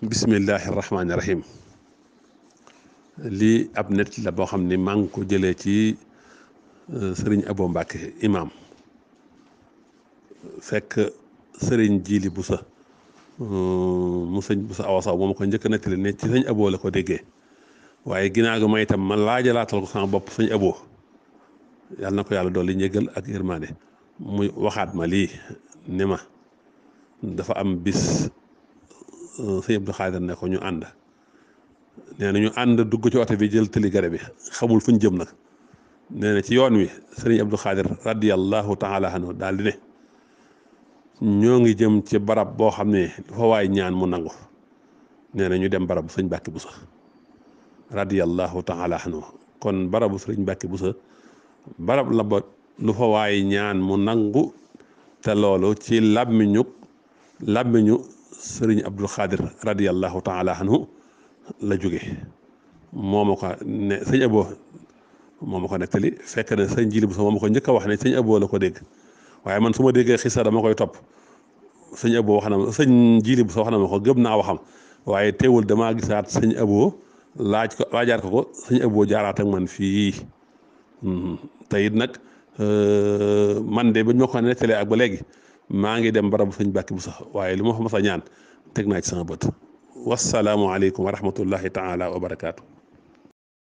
bismillaahi rahmaani rahim lii ab net la boo xam ni maa ngi ko jëlee ci euh, sëriñ Abo Mbàkke imaam fekk sëriñ Jiili sa euh, mu sëñ Busa Awa Saw moom ko njëkk nettali ne ci sëñ Abo la ko déggee waaye ginnaaw gi may itam ma laajalaatal ko sama bopp sëñ Abo yàlla na ko yàlla dolli njëgal ak yërmaande muy waxaat ma lii ne ma dafa am bis Euh, sëñ Abdou Xaadir ne ko ñu ànd nee na ñu ànd dugg ci oto bi jël tëli gare bi xamul fuñ jëm nag nee na ci yoon wi sëriñ Abdou Xaadir radiyallahu taala anhu daal di ne ñoo ngi jëm ci barab boo xam ne fa ñaan mu nangu nee na dem barabu sëñ Bàkki Busa radiyallahu taala anhu kon barabu sëriñ Bàkki Busa la ba lu fa waay ñaan mu nangu te loolu ci làmmiñu làmmiñu sëriñ Abdul Xaadir radiyallahu taala anhu la jóge moo ma ne sëñ Abo moo ma ko nettali fekk ne sëñ Jili bu sa moo ma ko njëkk a wax ne sëñ Abo la ko dégg waaye man su ma déggee xisa dama koy topp sëñ Abo wax na ma sëñ Jili bu sa wax na ma ko gëm naa waxam waaye teewul damaa gisaat sëñ Abo laaj ko laajaat ko sëñ Abo jaaraat ak man fii hmm, te nag euh, man de bañ ma ko nettalee ak ba léegi. maa ngi dem barabu sëñ bàkki bu sax waaye li ma fa ma a ñaan teg naa ci sama bët wasalaamualeykum wa rahmatullahi taala wa barakaatu.